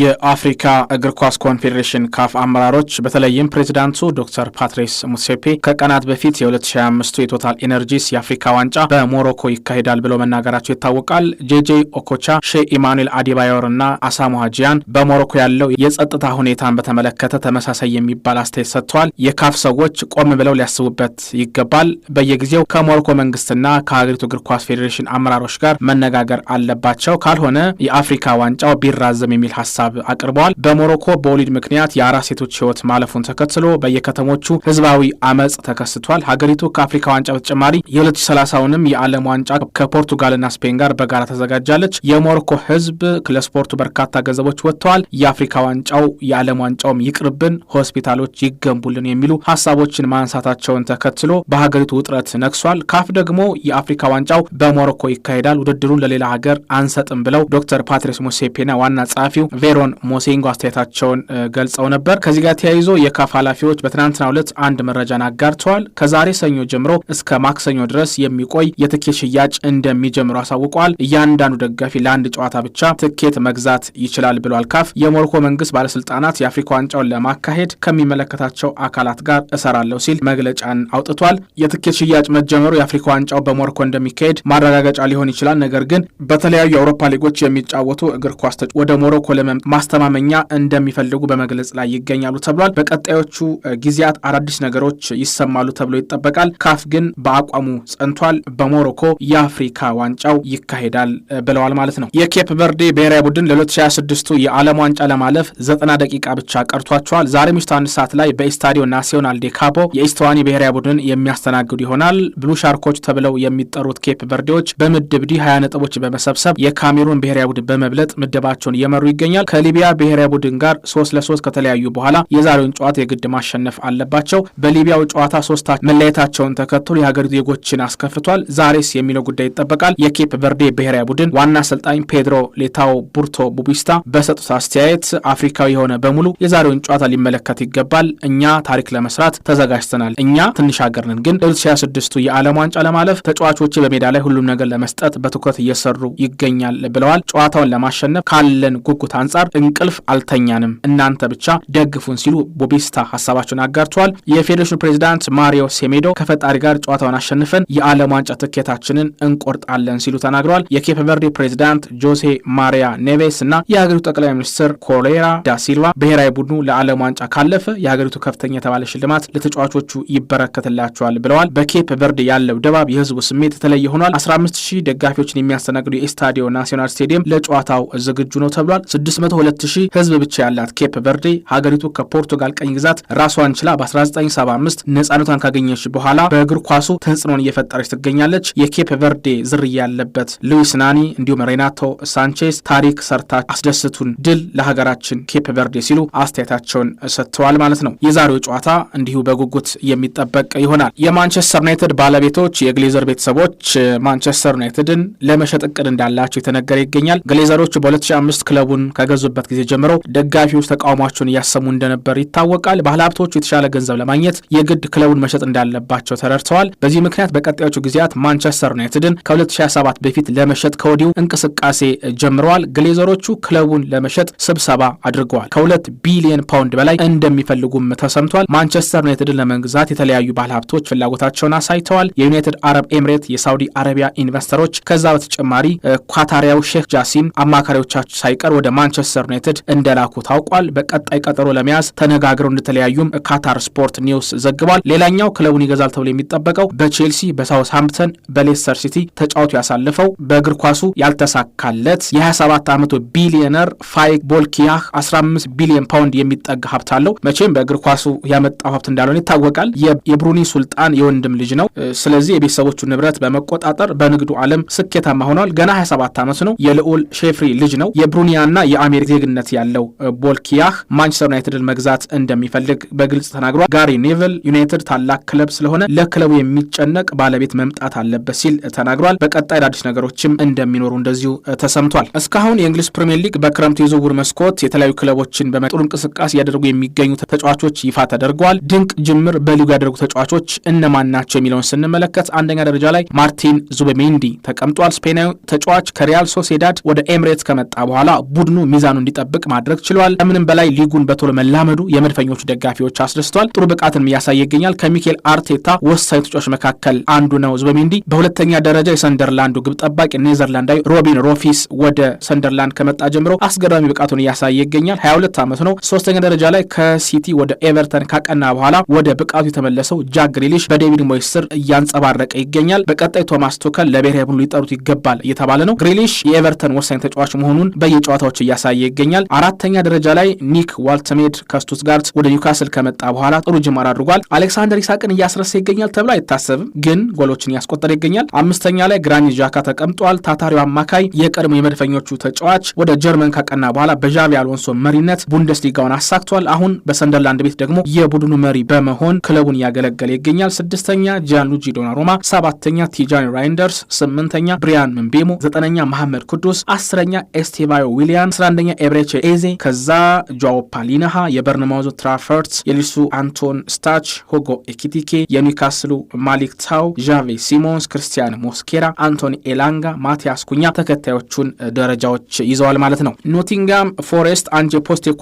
የአፍሪካ እግር ኳስ ኮንፌዴሬሽን ካፍ አመራሮች በተለይም ፕሬዚዳንቱ ዶክተር ፓትሪስ ሙሴፔ ከቀናት በፊት የ2025 የቶታል ኤነርጂስ የአፍሪካ ዋንጫ በሞሮኮ ይካሄዳል ብለው መናገራቸው ይታወቃል። ጄጄ ኦኮቻ፣ ሼ ኢማኑኤል አዲባዮር እና አሳሙ በሞሮኮ ያለው የጸጥታ ሁኔታን በተመለከተ ተመሳሳይ የሚባል አስተያየት ሰጥተዋል። የካፍ ሰዎች ቆም ብለው ሊያስቡበት ይገባል። በየጊዜው ከሞሮኮ መንግስትና ከሀገሪቱ እግር ኳስ ፌዴሬሽን አመራሮች ጋር መነጋገር አለባቸው። ካልሆነ የአፍሪካ ዋንጫው ቢራዘም የሚል ሀሳብ ሀሳብ አቅርበዋል። በሞሮኮ በወሊድ ምክንያት የአራት ሴቶች ህይወት ማለፉን ተከትሎ በየከተሞቹ ህዝባዊ አመፅ ተከስቷል። ሀገሪቱ ከአፍሪካ ዋንጫ በተጨማሪ የ2030ውንም የዓለም ዋንጫ ከፖርቱጋልና ስፔን ጋር በጋራ ተዘጋጃለች። የሞሮኮ ህዝብ ለስፖርቱ በርካታ ገንዘቦች ወጥተዋል። የአፍሪካ ዋንጫው የዓለም ዋንጫውም ይቅርብን፣ ሆስፒታሎች ይገንቡልን የሚሉ ሀሳቦችን ማንሳታቸውን ተከትሎ በሀገሪቱ ውጥረት ነግሷል። ካፍ ደግሞ የአፍሪካ ዋንጫው በሞሮኮ ይካሄዳል፣ ውድድሩን ለሌላ ሀገር አንሰጥም ብለው ዶክተር ፓትሪስ ሙሴፔና ዋና ጸሐፊው ቬሮን ሞሴንጎ አስተያየታቸውን ገልጸው ነበር። ከዚህ ጋር ተያይዞ የካፍ ኃላፊዎች በትናንትናው ዕለት አንድ መረጃን አጋርተዋል። ከዛሬ ሰኞ ጀምሮ እስከ ማክሰኞ ድረስ የሚቆይ የትኬት ሽያጭ እንደሚጀምሩ አሳውቀዋል። እያንዳንዱ ደጋፊ ለአንድ ጨዋታ ብቻ ትኬት መግዛት ይችላል ብሏል ካፍ። የሞሮኮ መንግስት ባለስልጣናት የአፍሪካ ዋንጫውን ለማካሄድ ከሚመለከታቸው አካላት ጋር እሰራለሁ ሲል መግለጫን አውጥቷል። የትኬት ሽያጭ መጀመሩ የአፍሪካ ዋንጫው በሞሮኮ እንደሚካሄድ ማረጋገጫ ሊሆን ይችላል። ነገር ግን በተለያዩ የአውሮፓ ሊጎች የሚጫወቱ እግር ኳስ ወደ ሞሮኮ ለመ ማስተማመኛ እንደሚፈልጉ በመግለጽ ላይ ይገኛሉ ተብሏል። በቀጣዮቹ ጊዜያት አዳዲስ ነገሮች ይሰማሉ ተብሎ ይጠበቃል። ካፍ ግን በአቋሙ ጸንቷል። በሞሮኮ የአፍሪካ ዋንጫው ይካሄዳል ብለዋል ማለት ነው። የኬፕ በርዴ ብሔራዊ ቡድን ለ2026ቱ የዓለም ዋንጫ ለማለፍ ዘጠና ደቂቃ ብቻ ቀርቷቸዋል። ዛሬ ምሽቱ አንድ ሰዓት ላይ በኢስታዲዮ ናሲዮናል ዴ ካቦ የኢስተዋኒ ብሔራዊ ቡድን የሚያስተናግዱ ይሆናል። ብሉ ሻርኮች ተብለው የሚጠሩት ኬፕ በርዴዎች በምድብ ዲ 20 ነጥቦች በመሰብሰብ የካሜሩን ብሔራዊ ቡድን በመብለጥ ምደባቸውን እየመሩ ይገኛል። ከሊቢያ ብሔራዊ ቡድን ጋር ሶስት ለሶስት ከተለያዩ በኋላ የዛሬውን ጨዋታ የግድ ማሸነፍ አለባቸው። በሊቢያው ጨዋታ ሶስታ መለየታቸውን ተከትሎ የሀገሪቱ ዜጎችን አስከፍቷል። ዛሬስ የሚለው ጉዳይ ይጠበቃል። የኬፕ ቨርዴ ብሔራዊ ቡድን ዋና አሰልጣኝ ፔድሮ ሌታው ቡርቶ ቡቢስታ በሰጡት አስተያየት አፍሪካዊ የሆነ በሙሉ የዛሬውን ጨዋታ ሊመለከት ይገባል። እኛ ታሪክ ለመስራት ተዘጋጅተናል። እኛ ትንሽ ሀገር ነን፣ ግን ለ2026ቱ የዓለም ዋንጫ ለማለፍ ተጫዋቾች በሜዳ ላይ ሁሉም ነገር ለመስጠት በትኩረት እየሰሩ ይገኛል ብለዋል። ጨዋታውን ለማሸነፍ ካለን ጉጉት አንጻር አንጻር እንቅልፍ አልተኛንም፣ እናንተ ብቻ ደግፉን ሲሉ ቦቢስታ ሀሳባቸውን አጋርተዋል። የፌዴሬሽኑ ፕሬዚዳንት ማሪዮ ሴሜዶ ከፈጣሪ ጋር ጨዋታውን አሸንፈን የዓለም ዋንጫ ትኬታችንን እንቆርጣለን ሲሉ ተናግረዋል። የኬፕ ቨርዴ ፕሬዚዳንት ጆሴ ማሪያ ኔቬስ እና የሀገሪቱ ጠቅላይ ሚኒስትር ኮሌራ ዳ ሲልቫ ብሔራዊ ቡድኑ ለዓለም ዋንጫ ካለፈ የሀገሪቱ ከፍተኛ የተባለ ሽልማት ለተጫዋቾቹ ይበረከትላቸዋል ብለዋል። በኬፕ ቨርዴ ያለው ድባብ የህዝቡ ስሜት የተለየ ሆኗል። 15 ሺህ ደጋፊዎችን የሚያስተናግዱ የኤስታዲዮ ናሲዮናል ስቴዲየም ለጨዋታው ዝግጁ ነው ተብሏል። 202,000 ህዝብ ብቻ ያላት ኬፕ ቨርዴ ሀገሪቱ ከፖርቱጋል ቀኝ ግዛት ራሷን ችላ በ1975 ነፃነቷን ካገኘች በኋላ በእግር ኳሱ ተጽዕኖን እየፈጠረች ትገኛለች። የኬፕ ቨርዴ ዝርያ ያለበት ሉዊስ ናኒ እንዲሁም ሬናቶ ሳንቼዝ ታሪክ ሰርታ አስደስቱን፣ ድል ለሀገራችን ኬፕ ቨርዴ ሲሉ አስተያየታቸውን ሰጥተዋል ማለት ነው። የዛሬው ጨዋታ እንዲሁ በጉጉት የሚጠበቅ ይሆናል። የማንቸስተር ዩናይትድ ባለቤቶች የግሌዘር ቤተሰቦች ማንቸስተር ዩናይትድን ለመሸጥ እቅድ እንዳላቸው የተነገረ ይገኛል። ግሌዘሮች በ2005 ክለቡን ከግ ከገዙበት ጊዜ ጀምሮ ደጋፊዎች ተቃውሟቸውን እያሰሙ እንደነበር ይታወቃል። ባለሀብቶቹ የተሻለ ገንዘብ ለማግኘት የግድ ክለቡን መሸጥ እንዳለባቸው ተረድተዋል። በዚህ ምክንያት በቀጣዮቹ ጊዜያት ማንቸስተር ዩናይትድን ከ2027 በፊት ለመሸጥ ከወዲሁ እንቅስቃሴ ጀምረዋል። ግሌዘሮቹ ክለቡን ለመሸጥ ስብሰባ አድርገዋል። ከሁለት ቢሊዮን ፓውንድ በላይ እንደሚፈልጉም ተሰምቷል። ማንቸስተር ዩናይትድን ለመግዛት የተለያዩ ባለሀብቶች ፍላጎታቸውን አሳይተዋል። የዩናይትድ አረብ ኤምሬት፣ የሳውዲ አረቢያ ኢንቨስተሮች፣ ከዛ በተጨማሪ ኳታሪያው ሼክ ጃሲም አማካሪዎቻቸው ሳይቀር ወደ ማንቸስተር ማንቸስተር ዩናይትድ እንደላኩ ታውቋል። በቀጣይ ቀጠሮ ለመያዝ ተነጋግረው እንደተለያዩም ካታር ስፖርት ኒውስ ዘግቧል። ሌላኛው ክለቡን ይገዛል ተብሎ የሚጠበቀው በቼልሲ፣ በሳውስሃምፕተን፣ በሌስተር ሲቲ ተጫውቶ ያሳለፈው በእግር ኳሱ ያልተሳካለት የ27 ዓመቱ ቢሊዮነር ፋይክ ቦልኪያህ 15 ቢሊዮን ፓውንድ የሚጠጋ ሀብት አለው። መቼም በእግር ኳሱ ያመጣው ሀብት እንዳልሆነ ይታወቃል። የብሩኒ ሱልጣን የወንድም ልጅ ነው። ስለዚህ የቤተሰቦቹ ንብረት በመቆጣጠር በንግዱ ዓለም ስኬታማ ሆኗል። ገና 27 ዓመት ነው። የልዑል ሼፍሪ ልጅ ነው። የብሩኒያና የአሜሪክ ዜግነት ያለው ቦልኪያህ ማንቸስተር ዩናይትድን መግዛት እንደሚፈልግ በግልጽ ተናግሯል። ጋሪ ኔቭል ዩናይትድ ታላቅ ክለብ ስለሆነ ለክለቡ የሚጨነቅ ባለቤት መምጣት አለበት ሲል ተናግሯል። በቀጣይ አዳዲስ ነገሮችም እንደሚኖሩ እንደዚሁ ተሰምቷል። እስካሁን የእንግሊዝ ፕሪምየር ሊግ በክረምቱ የዝውውር መስኮት የተለያዩ ክለቦችን በመጥሩ እንቅስቃሴ እያደረጉ የሚገኙ ተጫዋቾች ይፋ ተደርገዋል። ድንቅ ጅምር በሊጉ ያደረጉ ተጫዋቾች እነማን ናቸው የሚለውን ስንመለከት አንደኛ ደረጃ ላይ ማርቲን ዙቤሜንዲ ተቀምጧል። ስፔናዊ ተጫዋች ከሪያል ሶሴዳድ ወደ ኤምሬት ከመጣ በኋላ ቡድኑ ሚዛኑ እንዲጠብቅ ማድረግ ችሏል። ከምንም በላይ ሊጉን በቶሎ መላመዱ የመድፈኞቹ ደጋፊዎች አስደስቷል። ጥሩ ብቃትን እያሳየ ይገኛል። ከሚኬል አርቴታ ወሳኝ ተጫዋች መካከል አንዱ ነው ዙቢሜንዲ። በሁለተኛ ደረጃ የሰንደርላንዱ ግብ ጠባቂ ኔዘርላንዳዊ ሮቢን ሮፊስ ወደ ሰንደርላንድ ከመጣ ጀምሮ አስገራሚ ብቃቱን እያሳየ ይገኛል። 22 ዓመት ነው። ሶስተኛ ደረጃ ላይ ከሲቲ ወደ ኤቨርተን ካቀና በኋላ ወደ ብቃቱ የተመለሰው ጃክ ግሪሊሽ በዴቪድ ሞይስ ስር እያንጸባረቀ ይገኛል። በቀጣይ ቶማስ ቱከል ለብሔራዊ ቡድኑ ሊጠሩት ይገባል እየተባለ ነው። ግሪሊሽ የኤቨርተን ወሳኝ ተጫዋች መሆኑን በየጨዋታዎች እያሳ እያሳየ ይገኛል። አራተኛ ደረጃ ላይ ኒክ ዋልተሜድ ከስቱትጋርት ወደ ኒውካስል ከመጣ በኋላ ጥሩ ጅማር አድርጓል። አሌክሳንደር ኢሳቅን እያስረሳ ይገኛል ተብሎ አይታሰብም፣ ግን ጎሎችን እያስቆጠረ ይገኛል። አምስተኛ ላይ ግራኒ ዣካ ተቀምጧል። ታታሪው አማካይ የቀድሞ የመድፈኞቹ ተጫዋች ወደ ጀርመን ካቀና በኋላ በዣቪ አሎንሶ መሪነት ቡንደስሊጋውን አሳክቷል። አሁን በሰንደርላንድ ቤት ደግሞ የቡድኑ መሪ በመሆን ክለቡን እያገለገለ ይገኛል። ስድስተኛ ጂያንሉጂ ዶናሩማ፣ ሰባተኛ ቲጃኒ ራይንደርስ፣ ስምንተኛ ብሪያን ምንቤሞ፣ ዘጠነኛ መሐመድ ቅዱስ፣ አስረኛ ኤስቴቫዮ ዊሊያን አንደኛ ኤብሬቼ ኤዜ፣ ከዛ ጆዋው ፓሊናሃ፣ የበርንማውዙ ትራፈርት፣ የሊሱ አንቶን ስታች፣ ሆጎ ኤኪቲኬ፣ የኒውካስሉ ማሊክ ታው፣ ዣቬ ሲሞንስ፣ ክርስቲያን ሞስኬራ፣ አንቶኒ ኤላንጋ፣ ማቲያስ ኩኛ ተከታዮቹን ደረጃዎች ይዘዋል ማለት ነው። ኖቲንጋም ፎሬስት አንጄ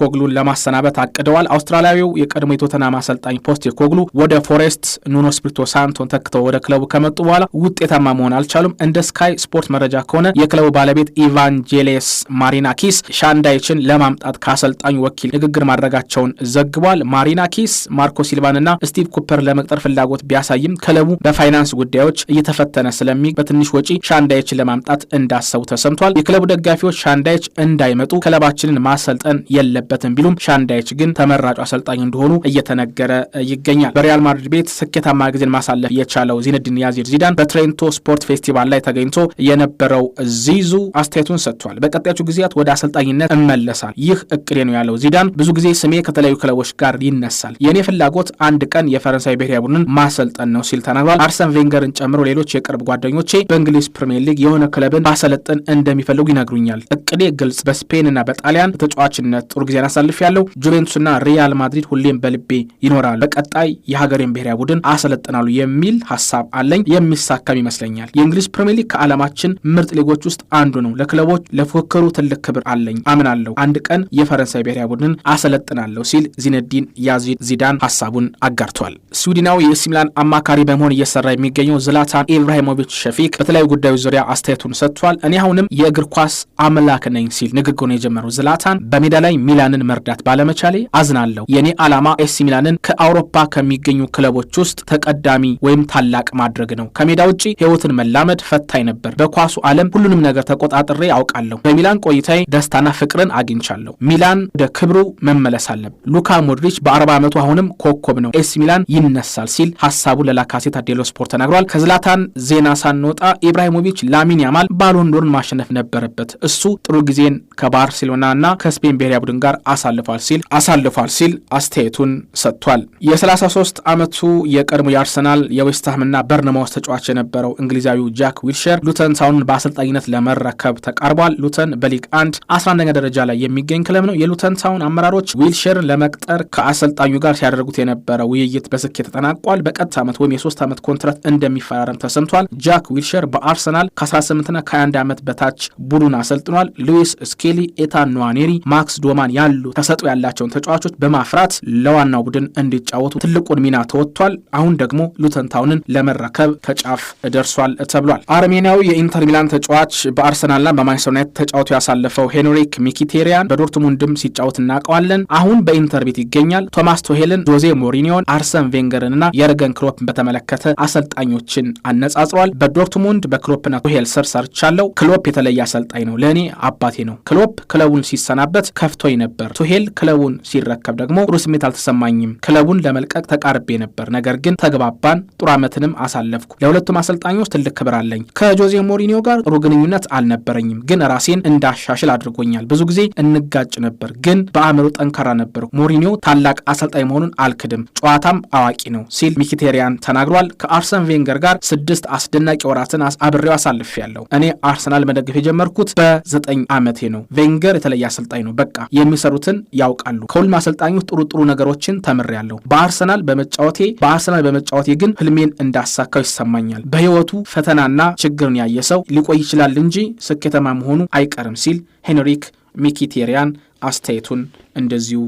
ኮግሉን ለማሰናበት አቅደዋል። አውስትራሊያዊው የቀድሞ የቶተናም አሰልጣኝ ኮግሉ ወደ ፎሬስት ኑኖ ስፕሪቶ ሳንቶን ተክተው ወደ ክለቡ ከመጡ በኋላ ውጤታማ መሆን አልቻሉም። እንደ ስካይ ስፖርት መረጃ ከሆነ የክለቡ ባለቤት ኢቫንጄሌስ ማሪናኪስ ሻንዳይችን ለማምጣት ከአሰልጣኙ ወኪል ንግግር ማድረጋቸውን ዘግቧል። ማሪና ኪስ፣ ማርኮ ሲልቫንና ስቲቭ ኩፐር ለመቅጠር ፍላጎት ቢያሳይም ክለቡ በፋይናንስ ጉዳዮች እየተፈተነ ስለሚ በትንሽ ወጪ ሻንዳይችን ለማምጣት እንዳሰቡ ተሰምቷል። የክለቡ ደጋፊዎች ሻንዳይች እንዳይመጡ ክለባችንን ማሰልጠን የለበትም ቢሉም ሻንዳይች ግን ተመራጩ አሰልጣኝ እንደሆኑ እየተነገረ ይገኛል። በሪያል ማድሪድ ቤት ስኬታማ ጊዜን ማሳለፍ የቻለው ዚነዲን ያዚር ዚዳን በትሬንቶ ስፖርት ፌስቲቫል ላይ ተገኝቶ የነበረው ዚዙ አስተያየቱን ሰጥቷል። በቀጣዮቹ ጊዜያት ወደ አሰልጣኝ በእርግጠኝነት እመለሳል። ይህ እቅዴ ነው ያለው ዚዳን። ብዙ ጊዜ ስሜ ከተለያዩ ክለቦች ጋር ይነሳል። የእኔ ፍላጎት አንድ ቀን የፈረንሳይ ብሔራዊ ቡድንን ማሰልጠን ነው ሲል ተናግሯል። አርሰን ቬንገርን ጨምሮ ሌሎች የቅርብ ጓደኞቼ በእንግሊዝ ፕሪምየር ሊግ የሆነ ክለብን ማሰለጥን እንደሚፈልጉ ይነግሩኛል። እቅዴ ግልጽ፣ በስፔንና በጣሊያን በተጫዋችነት ጥሩ ጊዜን አሳልፍ ያለው ጁቬንቱስና ሪያል ማድሪድ ሁሌም በልቤ ይኖራሉ። በቀጣይ የሀገሬን ብሔራዊ ቡድን አሰለጥናሉ የሚል ሀሳብ አለኝ። የሚሳካም ይመስለኛል። የእንግሊዝ ፕሪምየር ሊግ ከዓለማችን ምርጥ ሊጎች ውስጥ አንዱ ነው። ለክለቦች ለፉክክሩ ትልቅ ክብር አለኝ። አምናለሁ፣ አንድ ቀን የፈረንሳይ ብሔራዊ ቡድንን አሰለጥናለሁ ሲል ዚነዲን ያዚድ ዚዳን ሀሳቡን አጋርቷል። ስዊድናዊ የኤሲ ሚላን አማካሪ በመሆን እየሰራ የሚገኘው ዝላታን ኢብራሂሞቪች ሸፊክ በተለያዩ ጉዳዮች ዙሪያ አስተያየቱን ሰጥቷል። እኔ አሁንም የእግር ኳስ አምላክ ነኝ ሲል ንግግሩን የጀመረው ዝላታን በሜዳ ላይ ሚላንን መርዳት ባለመቻሌ አዝናለሁ። የእኔ ዓላማ ኤሲ ሚላንን ከአውሮፓ ከሚገኙ ክለቦች ውስጥ ተቀዳሚ ወይም ታላቅ ማድረግ ነው። ከሜዳ ውጪ ህይወትን መላመድ ፈታኝ ነበር። በኳሱ ዓለም ሁሉንም ነገር ተቆጣጥሬ አውቃለሁ። በሚላን ቆይታዬ ደስታና ፍቅርን አግኝቻለሁ። ሚላን ወደ ክብሩ መመለስ አለብ። ሉካ ሞድሪች በ40 ዓመቱ አሁንም ኮከብ ነው። ኤስ ሚላን ይነሳል ሲል ሀሳቡ ለላካሴት አዴሎ ስፖርት ተናግሯል። ከዝላታን ዜና ሳንወጣ ኢብራሂሞቪች ላሚን ያማል ባሎንዶርን ማሸነፍ ነበረበት። እሱ ጥሩ ጊዜን ከባርሴሎና እና ከስፔን ብሔራዊ ቡድን ጋር አሳልፏል ሲል አሳልፏል ሲል አስተያየቱን ሰጥቷል። የ33 ዓመቱ የቀድሞ የአርሰናል የዌስትሃምና በርነማውስ ተጫዋች የነበረው እንግሊዛዊው ጃክ ዊልሸር ሉተን ታውንን በአሰልጣኝነት ለመረከብ ተቃርቧል። ሉተን በሊግ አንድ አንደኛ ደረጃ ላይ የሚገኝ ክለብ ነው። የሉተን ታውን አመራሮች ዊልሸር ለመቅጠር ከአሰልጣኙ ጋር ሲያደርጉት የነበረ ውይይት በስኬት ተጠናቋል። በቀጣይ ዓመት ወይም የሶስት ዓመት ኮንትራት እንደሚፈራረም ተሰምቷል። ጃክ ዊልሸር በአርሰናል ከ18ና ከ21 ዓመት በታች ቡድን አሰልጥኗል። ሉዊስ ስኬሊ፣ ኤታን ኗኔሪ፣ ማክስ ዶማን ያሉ ተሰጥኦ ያላቸውን ተጫዋቾች በማፍራት ለዋናው ቡድን እንዲጫወቱ ትልቁን ሚና ተወጥቷል። አሁን ደግሞ ሉተን ታውንን ለመረከብ ከጫፍ ደርሷል ተብሏል። አርሜኒያዊ የኢንተር ሚላን ተጫዋች በአርሰናልና በማንቸስተር ዩናይትድ ተጫውቶ ያሳለፈው ሄንሪ ሎይክ ሚኪቴሪያን በዶርትሙንድም ሲጫወት እናውቀዋለን። አሁን በኢንተር ቤት ይገኛል። ቶማስ ቶሄልን፣ ጆዜ ሞሪኒዮን፣ አርሰን ቬንገርንና የርገን ክሎፕን በተመለከተ አሰልጣኞችን አነጻጽሯል። በዶርትሙንድ በክሎፕና ቶሄል ስር ሰርቻለው። ክሎፕ የተለየ አሰልጣኝ ነው፣ ለእኔ አባቴ ነው። ክሎፕ ክለቡን ሲሰናበት ከፍቶኝ ነበር። ቱሄል ክለቡን ሲረከብ ደግሞ ጥሩ ስሜት አልተሰማኝም። ክለቡን ለመልቀቅ ተቃርቤ ነበር፣ ነገር ግን ተግባባን። ጥሩ ዓመትንም አሳለፍኩ። ለሁለቱም አሰልጣኞች ትልቅ ክብር አለኝ። ከጆዜ ሞሪኒዮ ጋር ጥሩ ግንኙነት አልነበረኝም፣ ግን ራሴን እንዳሻሽል አድርጎኛል። ይገኛል። ብዙ ጊዜ እንጋጭ ነበር፣ ግን በአእምሮ ጠንካራ ነበር። ሞሪኒዮ ታላቅ አሰልጣኝ መሆኑን አልክድም፣ ጨዋታም አዋቂ ነው ሲል ሚኪቴሪያን ተናግሯል። ከአርሰን ቬንገር ጋር ስድስት አስደናቂ ወራትን አብሬው አሳልፍ ያለው እኔ አርሰናል መደገፍ የጀመርኩት በዘጠኝ ዓመቴ ነው። ቬንገር የተለየ አሰልጣኝ ነው። በቃ የሚሰሩትን ያውቃሉ። ከሁሉም አሰልጣኞች ጥሩ ጥሩ ነገሮችን ተምሬያለሁ። በአርሰናል በመጫወቴ በአርሰናል በመጫወቴ ግን ህልሜን እንዳሳካው ይሰማኛል። በህይወቱ ፈተናና ችግርን ያየ ሰው ሊቆይ ይችላል እንጂ ስኬተማ መሆኑ አይቀርም ሲል ሄንሪክ ሚኪቴሪያን አስተያየቱን እንደዚሁ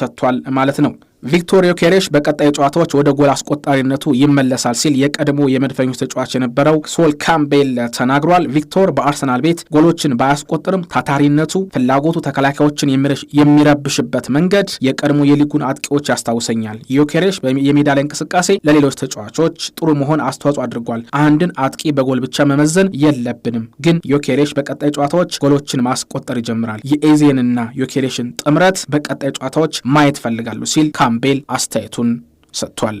ሰጥቷል ማለት ነው። ቪክቶር ዮኬሬሽ በቀጣይ ጨዋታዎች ወደ ጎል አስቆጣሪነቱ ይመለሳል ሲል የቀድሞ የመድፈኞች ተጫዋች የነበረው ሶል ካምቤል ተናግሯል። ቪክቶር በአርሰናል ቤት ጎሎችን ባያስቆጥርም ታታሪነቱ፣ ፍላጎቱ ተከላካዮችን የሚረብሽበት መንገድ የቀድሞ የሊጉን አጥቂዎች ያስታውሰኛል። ዮኬሬሽ የሜዳ ላይ እንቅስቃሴ ለሌሎች ተጫዋቾች ጥሩ መሆን አስተዋጽኦ አድርጓል። አንድን አጥቂ በጎል ብቻ መመዘን የለብንም፣ ግን ዮኬሬሽ በቀጣይ ጨዋታዎች ጎሎችን ማስቆጠር ይጀምራል። የኤዜንና ዮኬሬሽን ጥምረት በቀጣይ ጨዋታዎች ማየት ፈልጋሉ ሲል ካምቤል አስተያየቱን ሰጥቷል።